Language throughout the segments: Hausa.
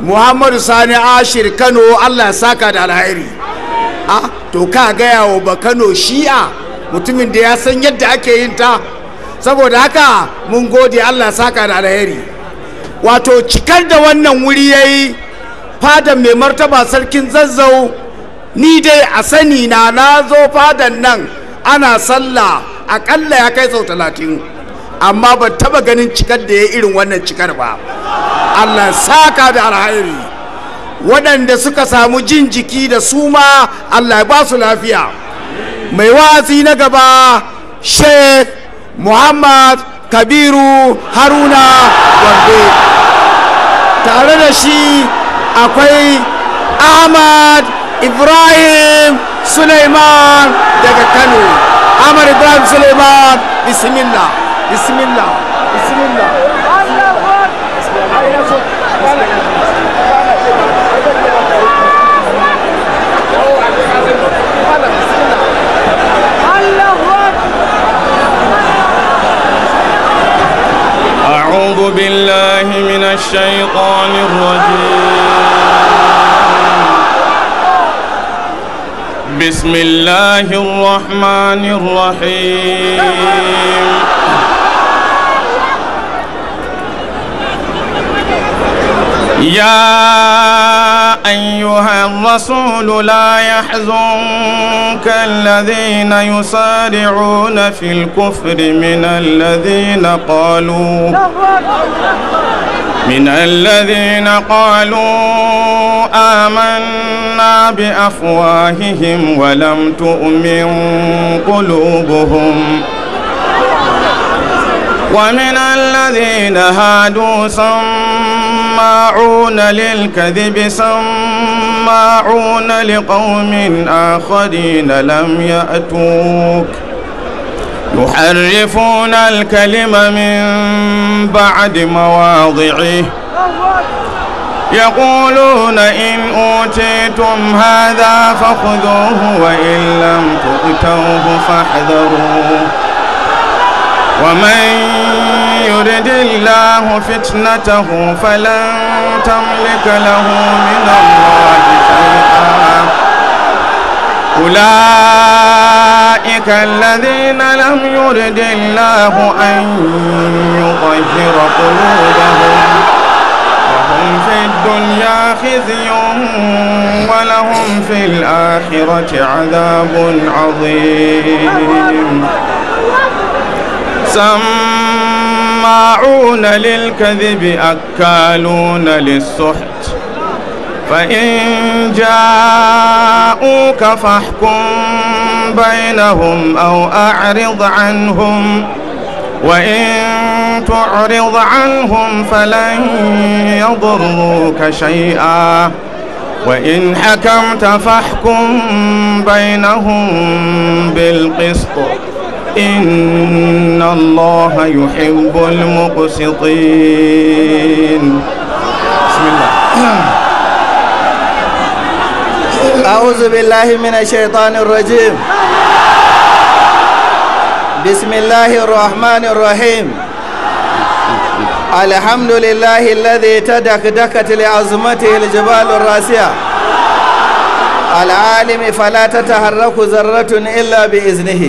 muhammadu sani ashir kano allah saka da alhairi a ah, to ka gaya wa ba kano shi'a mutumin da ya san yadda ake yin ta saboda haka mun gode allah saka da alhairi wato cikar da wannan wuri ya yi fadan mai martaba sarkin zazzau ni dai a sani na na zo fadan nan ana sallah aƙalla ya kai sau talatin amma ba taba ganin cikar da ya irin wannan cikar ba Allah saka da alhairi waɗanda suka samu jin jiki da su ma Allah ba su lafiya mai wa'azi na gaba sheikh muhammad kabiru haruna wande tare da shi akwai ahmad ibrahim suleiman daga kano ahmad ibrahim suleiman bismillah بسم الله بسم الله الله أعوذ بالله من الشيطان الرجيم بسم الله الرحمن الرحيم يا أيها الرسول لا يحزنك الذين يسارعون في الكفر من الذين قالوا من الذين قالوا آمنا بأفواههم ولم تؤمن قلوبهم ومن الذين هادوا سماعون للكذب سماعون لقوم آخرين لم يأتوك يحرفون الكلم من بعد مواضعه يقولون إن أوتيتم هذا فخذوه وإن لم تؤتوه فاحذروه ومن يرد الله فتنته فلن تملك له من الله شيئا أولئك الذين لم يرد الله أن يطهر قلوبهم وهم في الدنيا خزي ولهم في الآخرة عذاب عظيم سماعون للكذب أكالون للسحت فإن جاءوك فاحكم بينهم أو أعرض عنهم وإن تعرض عنهم فلن يضروك شيئا وإن حكمت فاحكم بينهم بالقسط إن الله يحب المقسطين بسم الله أعوذ بالله من الشيطان الرجيم بسم الله الرحمن الرحيم الحمد لله الذي تدكدكت لعظمته الجبال الراسية العالم فلا تتحرك ذرة إلا بإذنه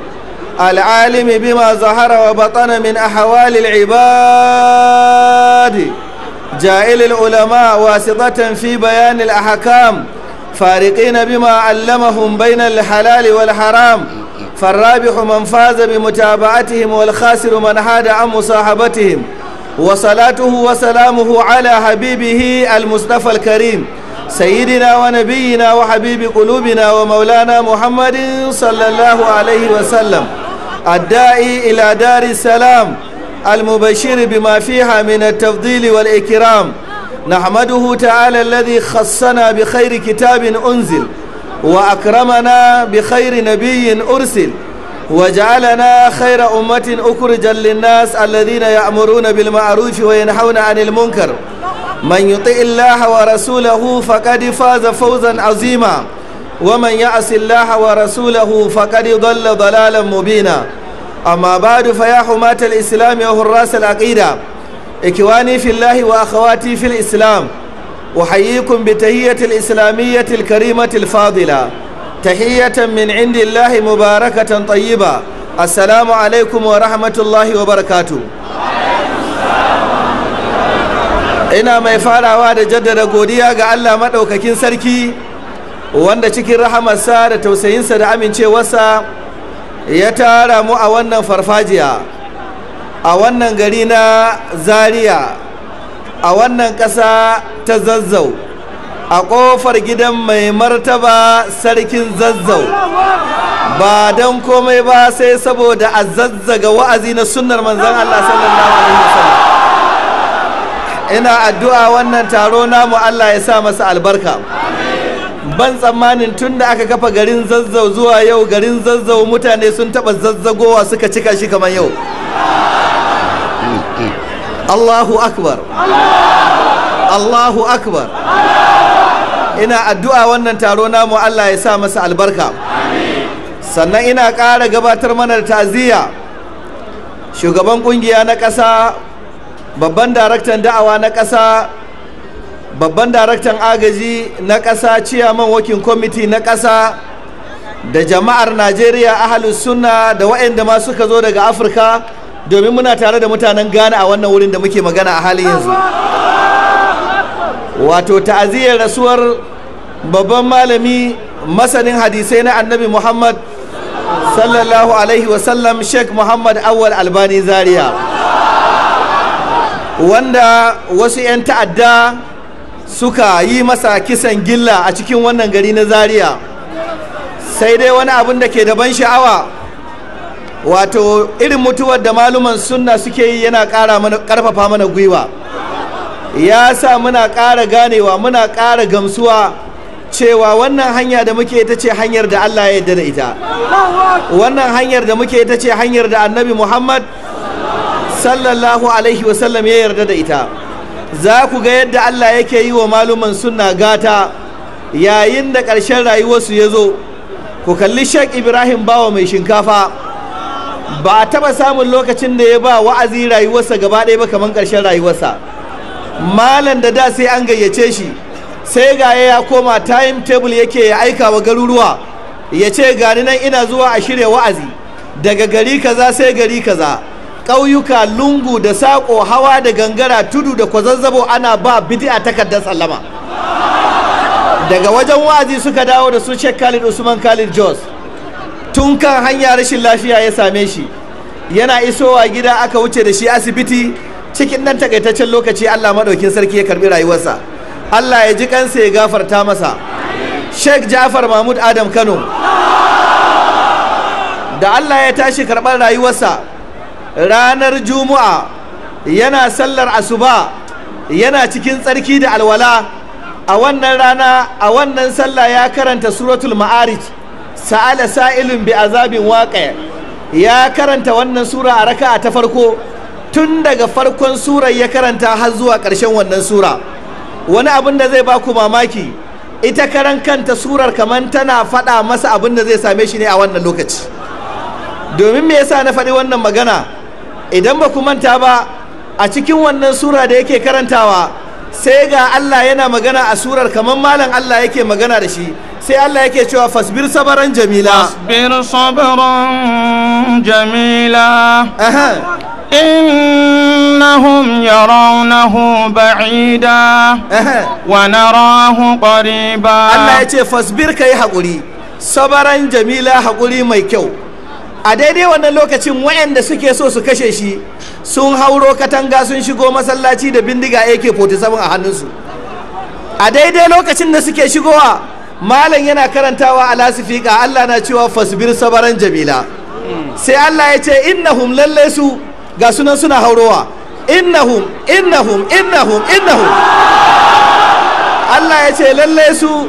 العالم بما ظهر وبطن من أحوال العباد جائل العلماء واسطة في بيان الأحكام فارقين بما علمهم بين الحلال والحرام فالرابح من فاز بمتابعتهم والخاسر من حاد عن مصاحبتهم وصلاته وسلامه على حبيبه المصطفى الكريم سيدنا ونبينا وحبيب قلوبنا ومولانا محمد صلى الله عليه وسلم الداعي إلى دار السلام المبشر بما فيها من التفضيل والإكرام نحمده تعالى الذي خصنا بخير كتاب أنزل وأكرمنا بخير نبي أرسل وجعلنا خير أمة أخرجا للناس الذين يأمرون بالمعروف وينحون عن المنكر من يطئ الله ورسوله فقد فاز فوزا عظيما ومن يعص الله ورسوله فقد ضل ضلالا مبينا أما بعد فيا حماة الإسلام وحراس العقيدة إخواني في الله وأخواتي في الإسلام أحييكم بتهية الإسلامية الكريمة الفاضلة تحية من عند الله مباركة طيبة السلام عليكم ورحمة الله وبركاته ina mai farawa da jaddada godiya ga Allah maɗaukakin sarki wanda cikin rahamarsa da tausayinsa da amincewarsa ya tara mu a wannan farfajiya a wannan gari na zaria a wannan ƙasa ta zazzau a ƙofar gidan mai martaba sarkin zazzau ba don komai ba sai saboda a zazzaga wa'azi na sunnar manzan Allah sallallahu alaihi wasallam ina addu'a wannan taro namu Allah ya sa masa albarka ban tsammanin tun da aka kafa garin zazzau zuwa yau garin zazzau mutane sun taba zazzagowa suka cika shi kamar yau Allahu akbar Allahu akbar ina addu'a wannan taro namu Allah ya sa masa albarka sannan ina ƙara gabatar mana da taziya shugaban kungiya na ƙasa babban daraktan da'awa na ƙasa babban daraktan agaji na ƙasa ciyaman wakin kwamiti na ƙasa da jama'ar najeriya ahalus sunna da waɗanda ma suka zo daga afirka domin muna tare da mutanen ghana a wannan wurin da muke magana a halin yanzu wato ta'aziyar rasuwar babban malami masanin hadisai na annabi muhammad sallallahu alaihi wasallam sheikh muhammad awal albani zaria wanda wasu 'yan ta'adda suka yi masa kisan gilla a cikin wannan gari na zaria sai dai wani abin da ke daban sha'awa wato irin mutuwar da maluman sunna suke yi yana karfafa mana gwiwa ya sa muna ƙara ganewa muna ƙara gamsuwa cewa wannan hanya da muke ita ce hanyar da Allah ya yarda da ita wannan hanyar da muke ita ce hanyar da annabi Muhammad sallallahu alaihi wasallam ya yarda da ita za ku ga yadda Allah yake yi wa maluman sunna gata yayin da ƙarshen rayuwarsu ya zo ku kalli shek Ibrahim Bawa mai shinkafa ba a taɓa samun lokacin da ya ba wa'azi rayuwarsa gaba ɗaya ba kamar ƙarshen rayuwarsa malam da da sai an gayyace shi sai ga ya koma time table yake ya aika wa garuruwa ya ce gani nan ina zuwa a shirya wa'azi daga gari kaza sai gari kaza ƙauyuka lungu da saƙo hawa da gangara tudu da kwazazzabo ana ba bidi'a takardar sallama daga wajen wazi suka dawo da su Sheikh Khalid Usman Khalid Jos tun kan hanya rashin lafiya ya same shi yana isowa gida aka wuce da shi asibiti cikin nan takaitaccen lokaci Allah madaukin sarki ya karbi rayuwarsa Allah ya ji kansa ya gafarta masa Sheikh Jafar Mahmud Adam Kano da Allah ya tashi karɓar rayuwarsa ranar juma'a yana sallar asuba yana cikin tsarki da alwala a wannan rana a wannan sallah ya karanta suratul ma'arij sa'ala sa'ilun bi azabin waƙa ya karanta wannan sura a raka'a ta farko tun daga farkon surar ya karanta har zuwa ƙarshen wannan sura wani abin da zai baku mamaki ita karan kanta surar kamar tana faɗa masa abin da zai same shi ne a wannan lokaci domin me yasa na faɗi wannan magana idan ba ku manta ba a cikin wannan sura da yake karantawa sai ga Allah yana magana a surar kamar malam Allah yake magana da shi sai Allah yake cewa fasbir sabaran jamila fasbir sabaran jamila إنهم يرونه بعيدا ونراه قريبا الله يتفسبر كي حقولي صبرا جميلا حقولي ميكو a daidai wannan lokacin wayanda suke so su kashe shi sun hauro katanga sun shigo masallaci da bindiga AK47 a hannunsu a daidai lokacin da suke shigowa malam yana karantawa a lasifika Allah na cewa fasbir sabaran jamila sai Allah ya ce innahum lalle su ga sunan suna haurowa innahum innahum innahum innahum Allah ya ce lalle su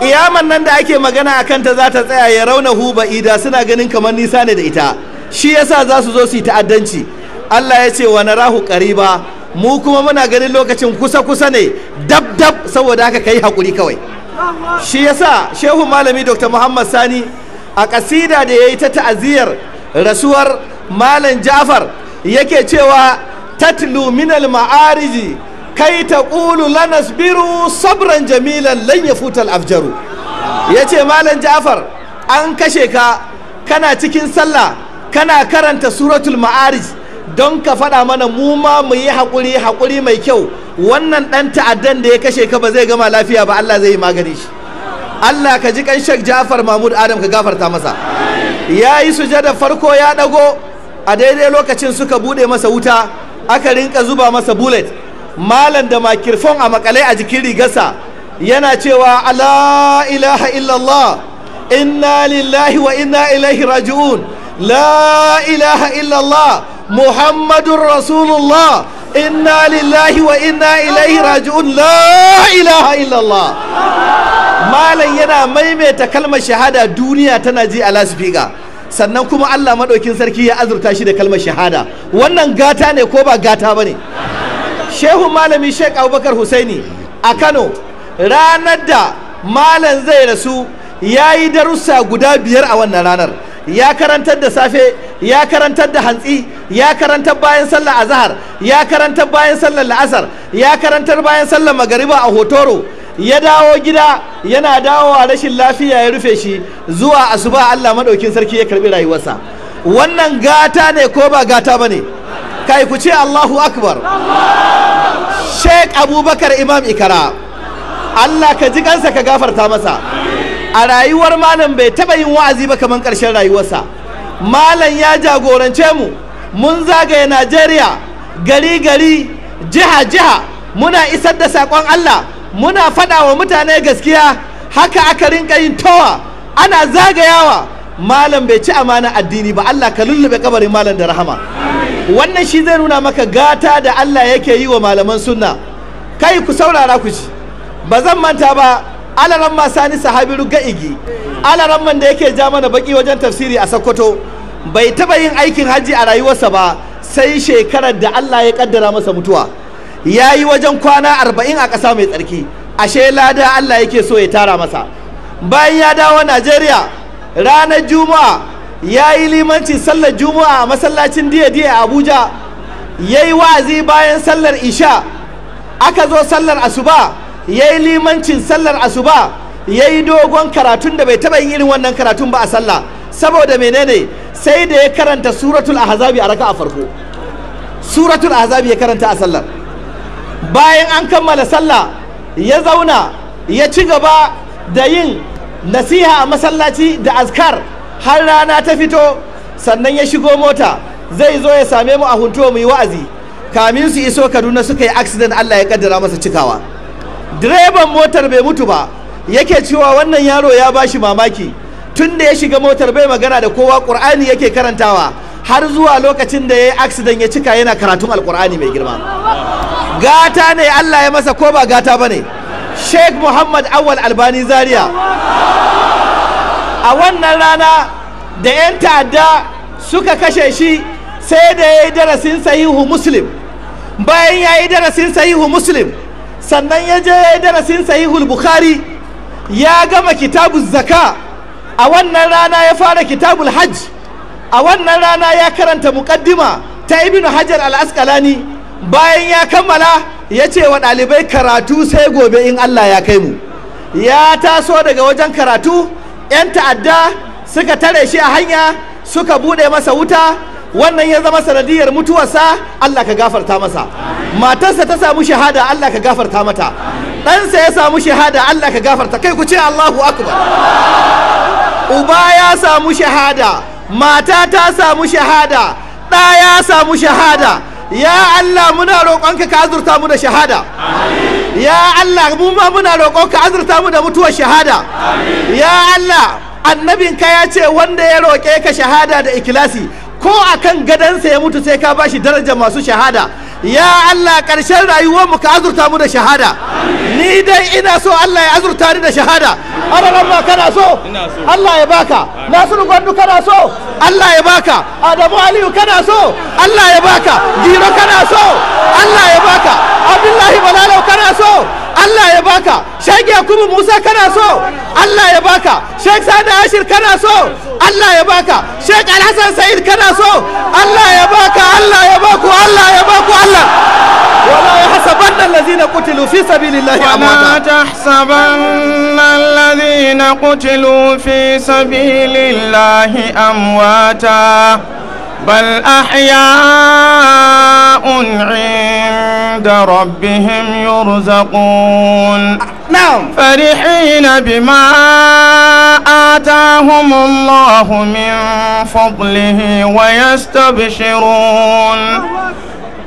kiyaman nan da ake magana a kanta za ta tsaya ya rauna huba ida suna ganin kamar nisa ne da ita shi yasa za su zo su yi ta'addanci Allah ya ce wa na rahu ƙariba mu kuma muna ganin lokacin kusa kusa ne dab dab saboda aka kai haƙuri kawai shi yasa shehu malami dr muhammad sani a ƙasida da ya yi ta ta'aziyar rasuwar malam jafar yake cewa tatlu minal ma'ariji kai ta ƙulu lanas biru sabran jamilan lan ya futal afjaru ya ce malam ja'far an kashe ka kana cikin sallah kana karanta suratul ma'arij don ka faɗa mana mu ma mu yi haƙuri haƙuri mai kyau wannan ɗan ta'addan da ya kashe ka ba zai gama lafiya ba Allah zai yi magani shi Allah ka ji kan Sheikh Ja'far Mahmud Adam ka gafarta masa ya yi sujada farko ya ɗago a daidai lokacin suka buɗe masa wuta aka rinka zuba masa bullet malam da makirfon a makalai a jikin rigarsa yana cewa ilaha illallah inna lillahi wa inna ilaihi raji'un la ilaha illallah muhammadun rasulullah inna lillahi wa inna ilaihi raji'un la ilaha illallah malam yana maimaita kalmar shahada duniya tana ji a lasifika sannan kuma allah maɗaukin sarki ya azurta shi da kalmar shahada wannan gata ne ko ba gata ba ne shehu malami shek abubakar husaini a kano ranar da malam zai rasu ya yi darussa guda biyar a wannan ranar ya karantar da safe ya karantar da hantsi ya karantar bayan sallar azahar ya karantar bayan sallar la'asar ya karantar bayan sallar magariba a hotoro ya dawo gida yana dawo a rashin lafiya ya rufe shi zuwa asuba allah maɗaukin sarki ya karɓi rayuwarsa wannan gata ne ko ba gata ba ne kai ku ce Allahu akbar Sheikh Abubakar Imam Ikara Allah ka ji kansa ka gafarta masa a rayuwar malam bai taba yin wa'azi ba kaman karshen rayuwarsa malam ya jagorance mu mun zagaye Najeriya gari gari jiha jiha muna isar da sakon Allah muna faɗa wa mutane gaskiya haka aka rinka yin towa ana zagayawa malam bai ci amana addini ba Allah ka lullube kabarin malam da rahama wannan shi zai nuna maka gata da Allah yake yi wa malaman sunna kai ku saurara ku ci ba zan manta ba alaran ma sani sahabiru ga'igi alaran man da yake ja mana baki wajen tafsiri a Sokoto bai taba yin aikin hajji a rayuwarsa ba sai shekarar da Allah ya kaddara masa mutuwa ya yi wajen kwana arba'in a ƙasa mai tsarki ashe lada Allah yake so ya tara masa bayan ya dawo Najeriya ranar Juma'a ya yi limanci sallar juma'a a masallacin diya-diya a abuja ya yi wa'azi bayan sallar isha aka zo sallar asuba ya yi limancin sallar asuba ya yi dogon karatun da bai taɓa yin irin wannan karatun ba a sallah saboda menene sai da ya karanta suratul ahzabi a raka a farko suratul ahzabi ya karanta a sallar bayan an kammala sallah ya zauna ya ci gaba da yin nasiha a masallaci da azkar har rana ta fito sannan ya shigo mota zai zo ya same mu a huntuwa mu yi wa'azi kamin su iso kaduna suka yi accident allah ya kaddara masa cikawa direban motar bai mutu ba yake cewa wannan yaro ya bashi mamaki tun da ya shiga motar bai magana da kowa ƙur'ani yake karantawa har zuwa lokacin da ya yi accident ya cika yana karatun alƙur'ani mai girma gata ne allah ya masa ko ba gata ba ne sheikh muhammad awal albani zaria a wannan rana da 'yan ta'adda suka kashe shi sai da ya yi darasin sahihu muslim bayan ya yi darasin sahihu muslim sannan ya je ya yi darasin sahihul bukhari ya gama kitabu zaka a wannan rana ya fara kitabul hajj a wannan rana ya karanta mukaddima ta ibn hajar al-asqalani bayan ya kammala ya ce wa ɗalibai karatu sai gobe in allah ya kai mu ya taso daga wajen karatu 'yan ta'adda suka tare shi a hanya suka buɗe masa wuta wannan ya zama sanadiyar mutuwarsa Allah ka gafarta masa matarsa ta samu shahada Allah ka gafarta mata ɗansa ya samu shahada Allah ka gafarta kai ku ce Allahu akbar uba ya samu shahada mata ta samu shahada ɗa ya samu shahada ya Allah muna roƙonka ka azurta mu da shahada ya Allah mu ma muna roƙo ka azurta mu da mutuwar shahada ya Allah annabinka ya ce wanda ya roƙe ka shahada da ikilasi ko a kan gadansa ya mutu sai ka bashi darajar masu shahada ya Allah ƙarshen rayuwar mu ka azurta mu da shahada ni dai ina so Allah ya azurta ni da shahada alaramma kana so Allah ya baka nasiru gwandu kana so Allah ya baka adamu aliyu kana so Allah ya baka giro kana so Allah ya baka abdullahi balalau kana so Allah ya baka Sheikh Yakubu Musa kana so Allah ya baka Sheikh Sada Ashir kana so Allah ya baka Sheikh Hassan Said kana so Allah ya baka Allah ya baku Allah ya baku Allah wala يحسبن الذين قتلوا في سبيل amwata. Wala ولا تحسبن الذين قتلوا في سبيل الله بل أحياء عند ربهم يرزقون نعم فرحين بما آتاهم الله من فضله ويستبشرون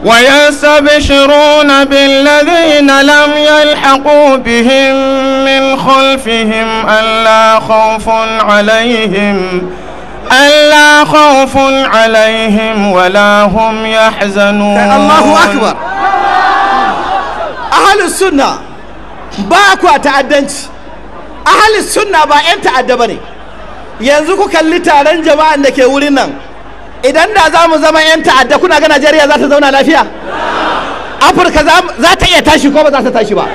ويستبشرون بالذين لم يلحقوا بهم من خلفهم ألا خوف عليهم ألا خوف عليهم ولا هم يحزنون الله أكبر أهل السنة باكو أتعدنش أهل السنة با أنت أدبني yanzu ku kalli taron jama'an da ke wurin nan idan da za mu zama 'yan ta'adda kuna ga najeriya za ta zauna lafiya afirka za ta iya tashi ko ba za ta tashi ba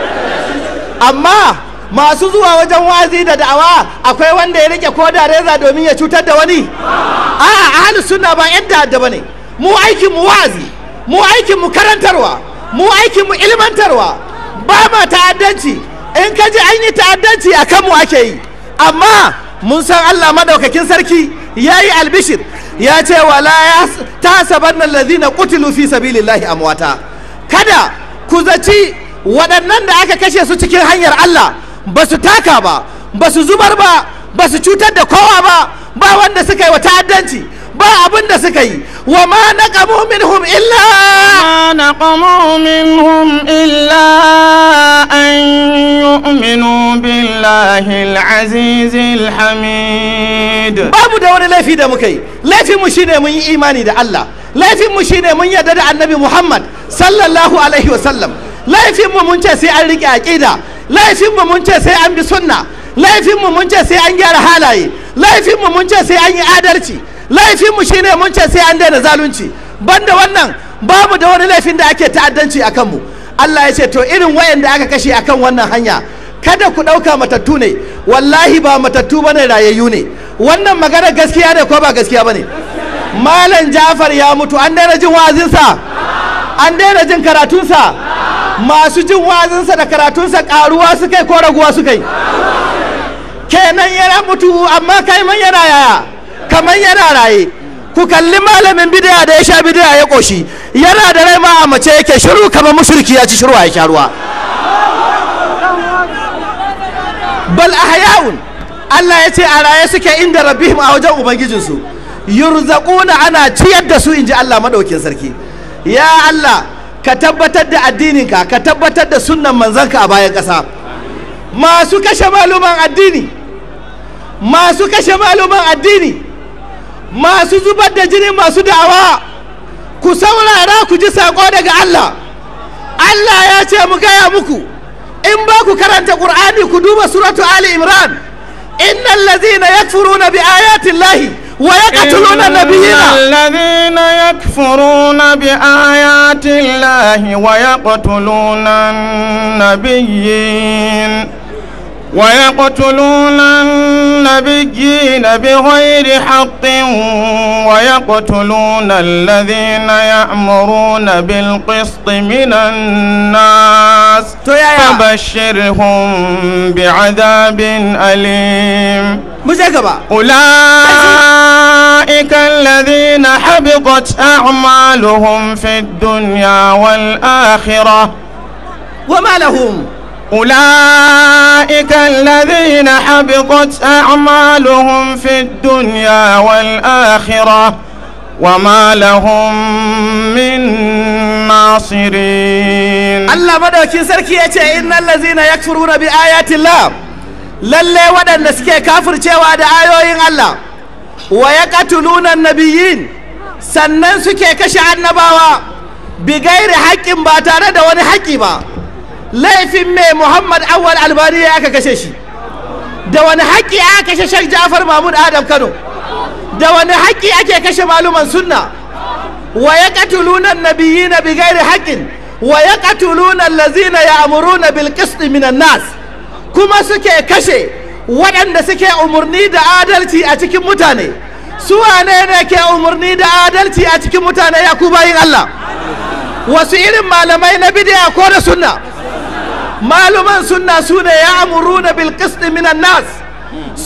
amma masu zuwa wajen wazi da da'awa akwai wanda ya rike koda reza domin ya cutar da wani a'a ahlus suna ba yadda da bane mu aikin mu wazi mu aikin mu karantarwa mu aikin mu ilmantarwa ba ma ta'addanci in ka ji an yi ta'addanci a kanmu ake yi amma mun san Allah madaukakin sarki ya yi albishir ya ce wala ya ta saban allazina qutilu fi sabilillahi amwata kada ku zaci waɗannan da aka kashe su cikin hanyar Allah ba su taka ba ba su zubar ba ba su cutar da kowa ba ba wanda suka yi wa ta'addanci ba abin da suka yi wa ma naqamu minhum illa ma naqamu minhum illa an yu'minu billahi al hamid babu da wani laifi da muka yi laifin shi ne mun yi imani da Allah laifinmu shi ne mun yarda da Annabi Muhammad sallallahu alaihi wa sallam mun ce sai an rike aƙida. laifinmu mun ce sai an bi sunna laifinmu mun ce sai an gyara halaye laifinmu mun ce sai an yi adalci laifinmu shine mun ce sai an daina zalunci banda wannan babu da wani laifin da ake ta'addanci a kanmu Allah ya ce to irin wayan da aka kashe akan wannan hanya kada ku ɗauka matattu ne wallahi ba matattu bane rayayyu ne wannan magana gaskiya ne ko ba gaskiya bane malam Jafar ya mutu an daina jin wa'azinsa an daina jin karatunsa masu jin wazinsa da karatunsa karuwa su kai ko raguwa su kai kenan yana mutu amma kai man yana yaya kamar yana raye ku kalli malamin bidiya da ya sha bidiya ya koshi yana da rai ma a mace yake shiru kamar musulki ya ci shiru ya ruwa bal ahya'un Allah ya ce a raye suke inda rabbihim a wajen ubangijinsu yurzaquna ana ciyar da su in ji Allah maɗaukin sarki ya Allah ka tabbatar da addininka ka tabbatar da sunnan manzanka a bayan ƙasa masu kashe maluman addini masu kashe maluman addini masu zubar da jini masu da'awa ku saurara ku ji sako daga Allah Allah ya ce mu gaya muku in ba ku karanta ƙur'ani ku duba suratu Ali Imran innal ladhina yakfuruna bi ayati ويقتلون نبينا الذين يكفرون بآيات الله ويقتلون النبيين ويقتلون النبيين بغير حق ويقتلون الذين يأمرون بالقسط من الناس فبشرهم بعذاب أليم أولئك الذين حبطت أعمالهم في الدنيا والآخرة وما لهم أولئك الذين حبطت أعمالهم في الدنيا والآخرة وما لهم من ناصرين الله مدوكين سركي يتي إن الذين يكفرون بآيات الله للي ودن نسكي كافر تيوى دعايوين الله ويقتلون النبيين سنن سكي كشع النباوة بغير حق باتانا دواني حقي با laifin mai muhammad awal albani ya aka kashe shi da wani haƙƙi aka kashe shek jafar mahmud adam kano da wani haƙƙi ake kashe maluman sunna wa ya katuluna nabiyina na gairi haƙƙin wa ya katuluna lazina ya amuru na qisti minan nas kuma suke kashe waɗanda suke umarni da adalci a cikin mutane su wane ne ke umarni da adalci a cikin mutane ya ku bayin Allah wasu irin malamai na bidiya ko da sunna maluman sunna su ne ya amuru na bilkisti minan nas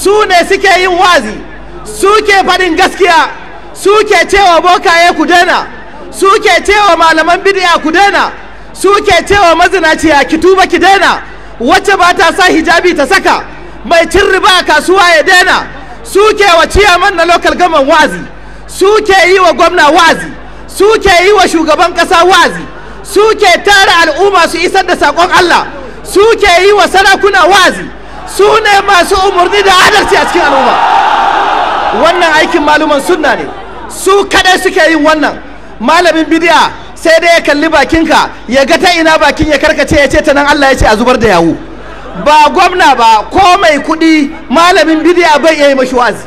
su ne suke yin wazi suke faɗin gaskiya suke cewa bokaye ku daina suke cewa malaman bid'a ku daina suke cewa mazinaciya ki tuba ki daina wacce ba ta sa hijabi ta saka mai cin riba a kasuwa ya daina suke wa ciyaman na lokal gaman wazi suke yi wa gwamna wazi suke yi wa shugaban ƙasa wazi suke tara al'umma su isar da saƙon Allah suke yi wa sarakuna wazi su ne masu umarni da adalci a cikin al'umma wannan aikin maluman sunna ne su kadai suke yi wannan malamin bidiya sai dai ya kalli bakinka ya ga ta ina bakin ya karkace ya ce ta nan Allah ya ce a zubar da yawu ba gwamna ba ko mai kuɗi malamin bidiya bai yayi yi mashi wazi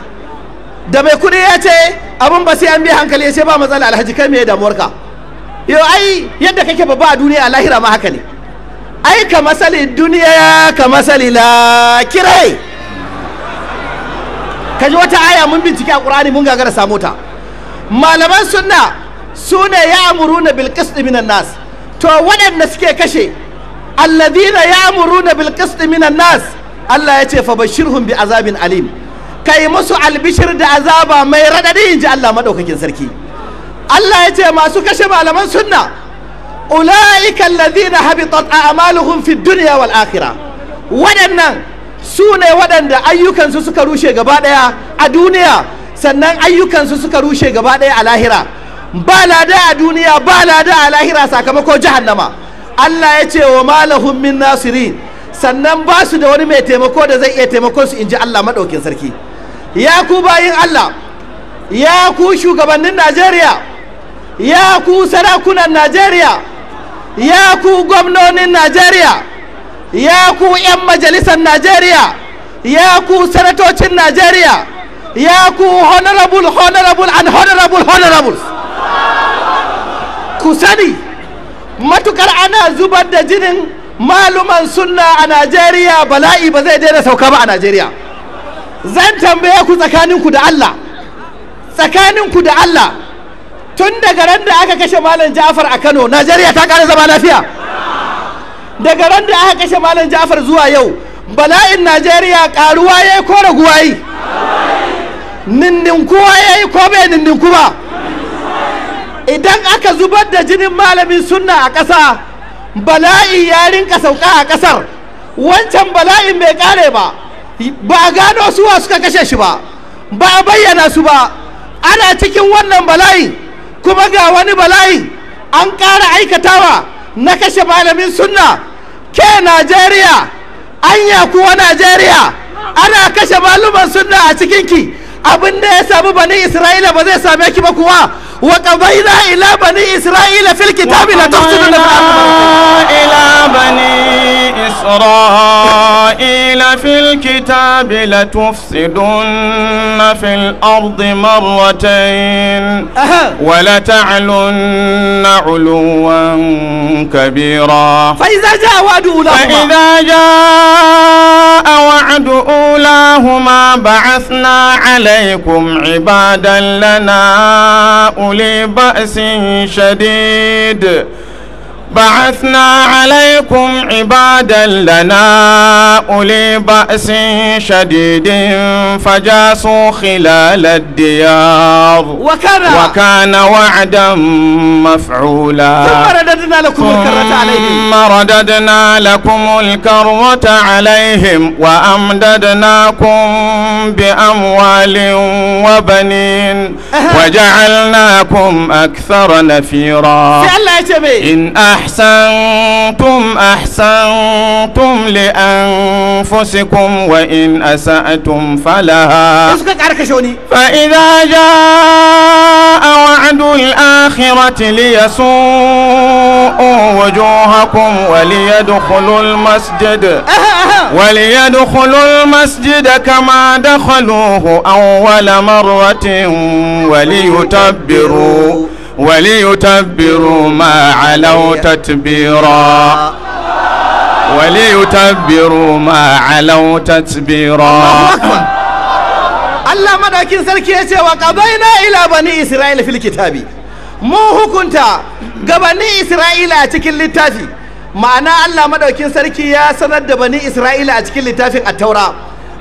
da mai kuɗi ya ce abin ba sai an bi hankali ya ce ba matsala alhaji kai me damuwarka yau ai yadda kake babba a duniya a lahira ma haka ne ai ka masali duniya ka masali kirai ka ji wata aya mun bincike a ƙur'ani mun gagara samu ta malaman sunna su ne ya amuru na bilkis minan nas to waɗanda suke kashe alladina ya amuru na bilkis minan nas Allah ya ce fa bashirhum bi azabin alim kai musu albishir da azaba mai raɗaɗi in ji Allah maɗaukakin sarki Allah ya ce masu kashe malaman sunna ula'ika alladhina habitat a'maluhum fid dunya wal akhirah waɗannan su ne waɗanda ayyukansu suka rushe gaba a duniya sannan ayyukansu suka rushe gaba a lahira ba lada a duniya ba lada a lahira sakamako jahannama Allah ya ce wa malahum min sannan ba su da wani mai taimako da zai iya taimakon su in ji Allah maɗaukin sarki ya ku bayin Allah ya ku shugabannin Najeriya ya ku sarakunan Najeriya ya ku gwamnonin najeriya ya ku 'yan majalisar najeriya ya ku sanatocin najeriya ya ku honorable honorable and honorable honorable ku sani matukar ana zubar da jinin maluman sunna a najeriya bala'i ba zai daina sauka ba a najeriya zan tambaye ku tsakaninku da allah tsakaninku da allah tun daga ran da aka kashe malam ja'far a kano najeriya ta kara zama lafiya daga ran da aka kashe malam ja'far zuwa yau bala'in najeriya karuwa yayi ko raguwa yi nindinkuwa ya ko bai nindinku ba idan aka zubar da jinin malamin sunna a ƙasa bala'i ya rinka sauka a ƙasar wancan bala'in bai ƙare ba ba a gano suwa suka kashe shi ba ba a bayyana su ba ana cikin wannan bala'in kuma ga wani bala'i an ƙara aikatawa na kashe malamin sunna ke najeriya anya kuwa najeriya ana kashe maluman sunna a cikinki abin da ya sami bani isra'ila ba zai same ki ba kuwa وقضينا إلى بني إسرائيل في الكتاب لا تفسدون إلى بني إسرائيل في الكتاب لتفسدن في الأرض مرتين تعلن علوا كبيرا فإذا جاء وعد أولاهما فإذا جاء وعد أولاهما بعثنا عليكم عبادا لنا أولي بأس شديد بعثنا عليكم عبادا لنا أولي بأس شديد فجاسوا خلال الديار وكان, وكان وعدا مفعولا ثم رددنا لكم الكرة عليهم ثم رددنا لكم الكرة عليهم وأمددناكم بأموال وبنين وجعلناكم أكثر نفيرا إن أحسنتم أحسنتم أحسنتم لأنفسكم وإن أسأتم فلها فإذا جاء وعد الآخرة ليسوءوا وجوهكم وليدخلوا المسجد وليدخلوا المسجد كما دخلوه أول مرة وليتبروا وليتبروا ما علوا تتبيرا وليتبروا ما علوا تتبيرا Allah madakin sarki ya ce wa qabaina bani isra'ila mu hukunta ga bani isra'ila a cikin littafi ma'ana Allah madaukin sarki ya sanar da bani isra'ila a cikin littafin a taura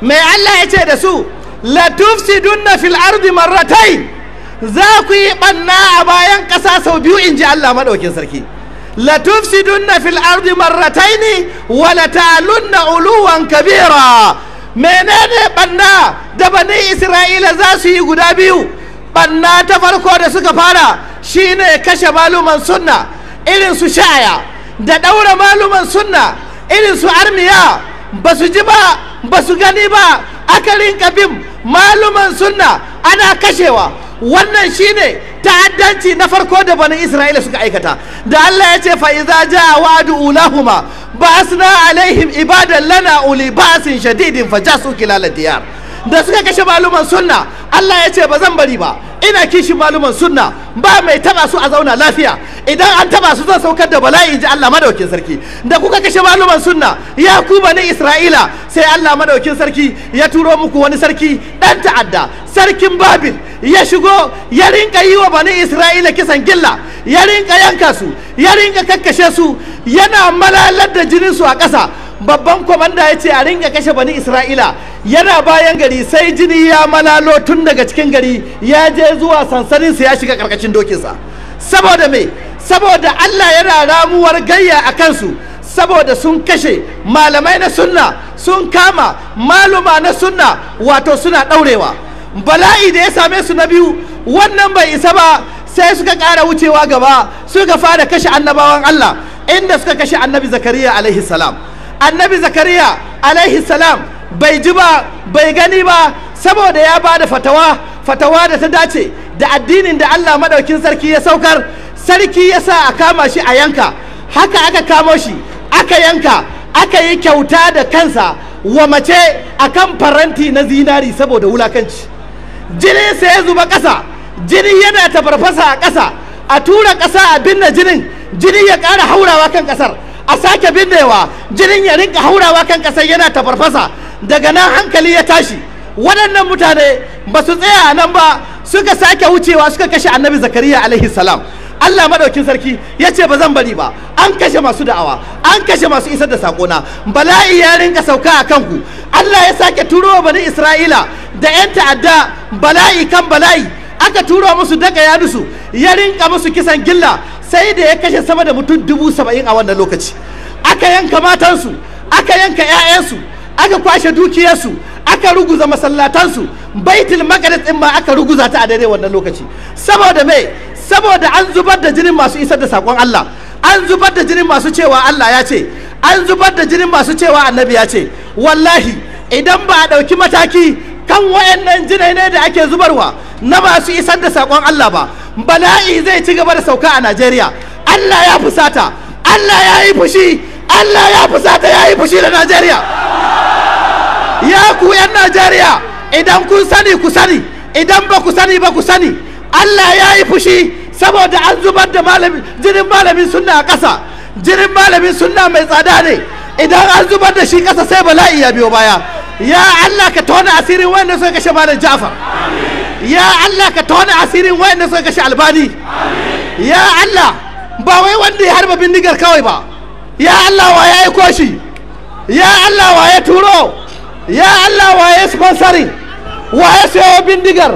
mai Allah ya ce da su la tufsidunna fil ardi marratayn za ku yi ɓanna a bayan ƙasa sau biyu in ji Allah maɗaukin sarki na fil ardi marrataini wa lunna uluwan kabira menene ɓanna da bani isra'ila za su yi guda biyu ɓanna ta farko da suka fara shine kashe maluman sunna irin su sha'aya da ɗaura maluman sunna irin su armiya ba su ji ba ba su gani ba akarin kabin maluman sunna ana kashewa wannan shine ta'addanci na farko da bani isra'ila suka aikata da Allah ya ce faiza idza wa'du ulahuma ba'asna alaihim ibadan lana uli ba'sin shadidin fajasu kilal diyar da suka kashe maluman sunna Allah ya ce ba zan bari ba ina kishin maluman sunna ba mai taba su a zauna lafiya idan an taba su zan saukar da bala'i in ji Allah madaukin sarki da kuka kashe maluman sunna ya ku bani Isra'ila sai Allah madaukin sarki ya turo muku wani sarki dan ta'adda sarkin Babil ya shigo ya rinka yi wa bani Isra'ila kisan gilla ya rinka yanka su ya rinka kakkashe su yana malalar da jinin su a ƙasa babban kwamanda ya ce a ringa kashe bani isra'ila yana bayan gari sai jini ya malalo tun daga cikin gari ya je zuwa sansaninsa ya shiga karkashin dokinsa saboda me saboda allah yana ramuwar gayya a kansu saboda sun kashe malamai na sunna sun kama maluma na sunna wato suna ɗaurewa bala'i da ya same su na biyu wannan bai isa ba sai suka ƙara wucewa gaba suka fara kashe annabawan allah inda suka kashe annabi zakariya alaihi salam annabi zakariya alaihi salam bai ji ba bai gani ba saboda ya ba da fatawa fatawa da ta dace da addinin da allah maɗaukin sarki ya saukar sarki ya sa a kama shi a yanka haka aka kamo shi aka yanka aka yi kyauta da kansa wa mace a kan faranti na zinari saboda wulakanci jini sai ya zuba ƙasa jini yana tafarfasa a ƙasa a tura ƙasa a binne jinin jini ya ƙara haurawa kan ƙasar a sake binnewa jinin ya rinka haurawa kan kasar yana ta daga nan hankali ya tashi waɗannan mutane ba su tsaya a nan ba suka sake wucewa suka kashe annabi zakariya alaihi salam Allah madaukin sarki ya ce ba zan bari ba an kashe masu da'awa an kashe masu isar da saƙona bala'i ya rinka sauka a kanku Allah ya sake turo wa bani Isra'ila da 'yan ta'adda bala'i kan bala'i aka turo musu daga yadusu ya rinka musu kisan gilla sai da ya kashe sama da mutum dubu saba'in a wannan lokaci aka yanka matansu aka yanka 'ya'yansu aka kwashe dukiyarsu aka ruguza masallatansu baitul maqdis din ma aka ruguza ta a daidai wannan lokaci saboda me saboda an zubar da jinin masu isar da sakon Allah an zubar da jinin masu cewa Allah ya ce an zubar da jinin masu cewa annabi ya ce wallahi idan ba a ɗauki mataki kan wayannan jinai ne da ake zubarwa na ba su isar da sakon Allah ba bala'i zai ci gaba da sauka a Najeriya Allah ya fusata Allah ya yi fushi Allah ya fusata ya yi fushi da Najeriya ya ku yan Najeriya idan kun sani ku sani idan ba ku sani ba ku sani Allah ya yi fushi saboda an zubar da jinin malamin sunna a ƙasa jinin malamin sunna mai tsada ne idan an zubar da shi ƙasa sai bala'i ya biyo baya ya Allah ka tona asirin wayanda suka kashe malam Ja'far ya Allah ka tona asirin wayanda suka kashe Albani ya Allah ba wai wanda ya harba bindigar kawai ba ya Allah wa ya aiko ya Allah wa ya turo ya Allah wa ya sponsoring wa ya sayo bindigar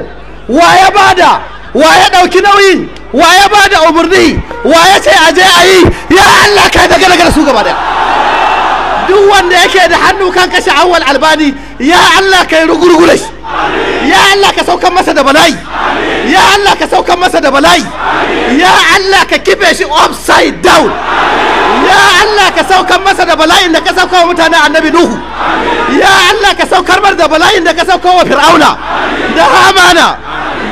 wa ya bada wa ya dauki nauyi wa ya bada umurni wa ya ce aje ayi ya Allah ka daga daga su gaba daya duk wanda yake da hannu kan kashe awwal albani ya Allah kai rugurgure shi ya Allah ka saukan masa da bala'i ya Allah ka saukan masa da bala'i ya Allah ka kife shi upside down ya Allah ka saukan masa da bala'in da ka sauka wa mutanen annabi nuhu ya Allah ka saukar mar da bala'in da ka sauka wa fir'auna da hamana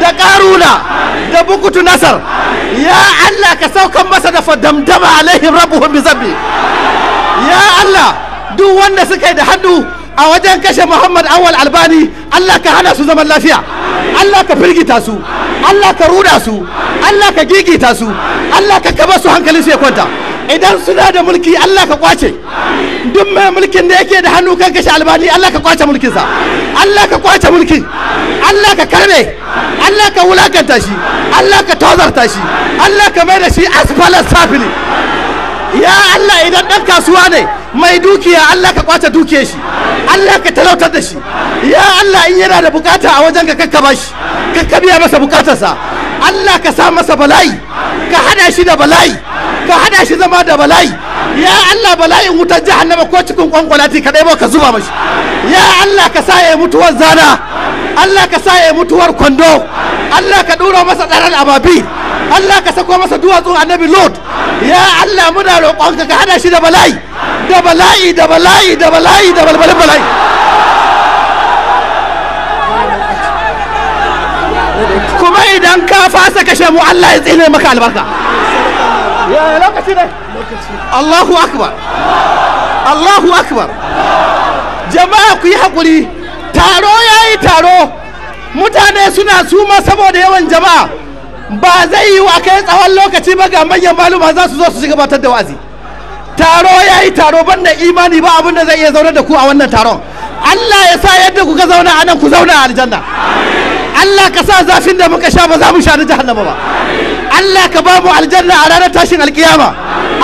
da karuna da bukutu nasar ya Allah ka saukan masa da fadamdama alaihim rabbuhum bi zambi ya Allah duk wanda suka yi da hannu a wajen kashe Muhammad Awal Albani Allah ka hana su zaman lafiya Allah ka firgita su Allah ka ruda su Allah ka gigita su Allah ka kaba su hankalin su ya kwanta idan suna da mulki Allah ka kwace duk mai mulkin da yake da hannu kan kashe albani Allah ka kwace mulkin sa Allah ka kwace mulkin Allah ka karbe Allah ka wulakanta shi Allah ka tozarta shi Allah ka mai da shi asfalar safili ya Allah idan dan kasuwa ne mai dukiya Allah ka kwace dukiya shi Allah ka talautar da shi ya Allah in yana da bukata a wajen ka kakkaba shi ka biya masa bukatarsa Allah ka sa masa bala'i ka hada shi da bala'i ka hada shi zama da bala'i ya Allah bala'in wutar jahannama ko cikin kwankwalati ka ba ka zuba mashi ya Allah ka sa ya mutuwar zana Allah ka sa ya mutuwar kwando Allah ka ɗura masa ɗaran ababi Allah ka sako masa duwatsun annabi Lot ya Allah muna roƙonka ka hada shi da bala'i da bala'i da bala'i da bala'i da balbalin bala'i kuma idan ka fasa kashe mu Allah ya tsine maka albarka ya lokaci ne Allahu akbar Allahu akbar jama'a ku yi haƙuri taro ya yi taro mutane suna suma saboda yawan jama'a ba zai yi wa kai tsawon lokaci ba ga manyan maluma za su zo su gabatar da wa'azi taro ya yi taro ban da imani ba abin zai iya zaune da ku a wannan taron Allah ya sa yadda kuka zauna a nan ku zauna a aljanna Allah ka sa zafin da muka sha ba za mu sha na jahannama ba Allah ka ba mu aljanna a ranar tashin alkiyama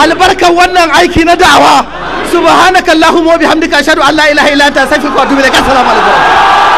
albarkan wannan aiki na da'awa subhanakallahumma wa bihamdika ashhadu an la ilaha illa anta astaghfiruka wa atubu ilaik assalamu alaikum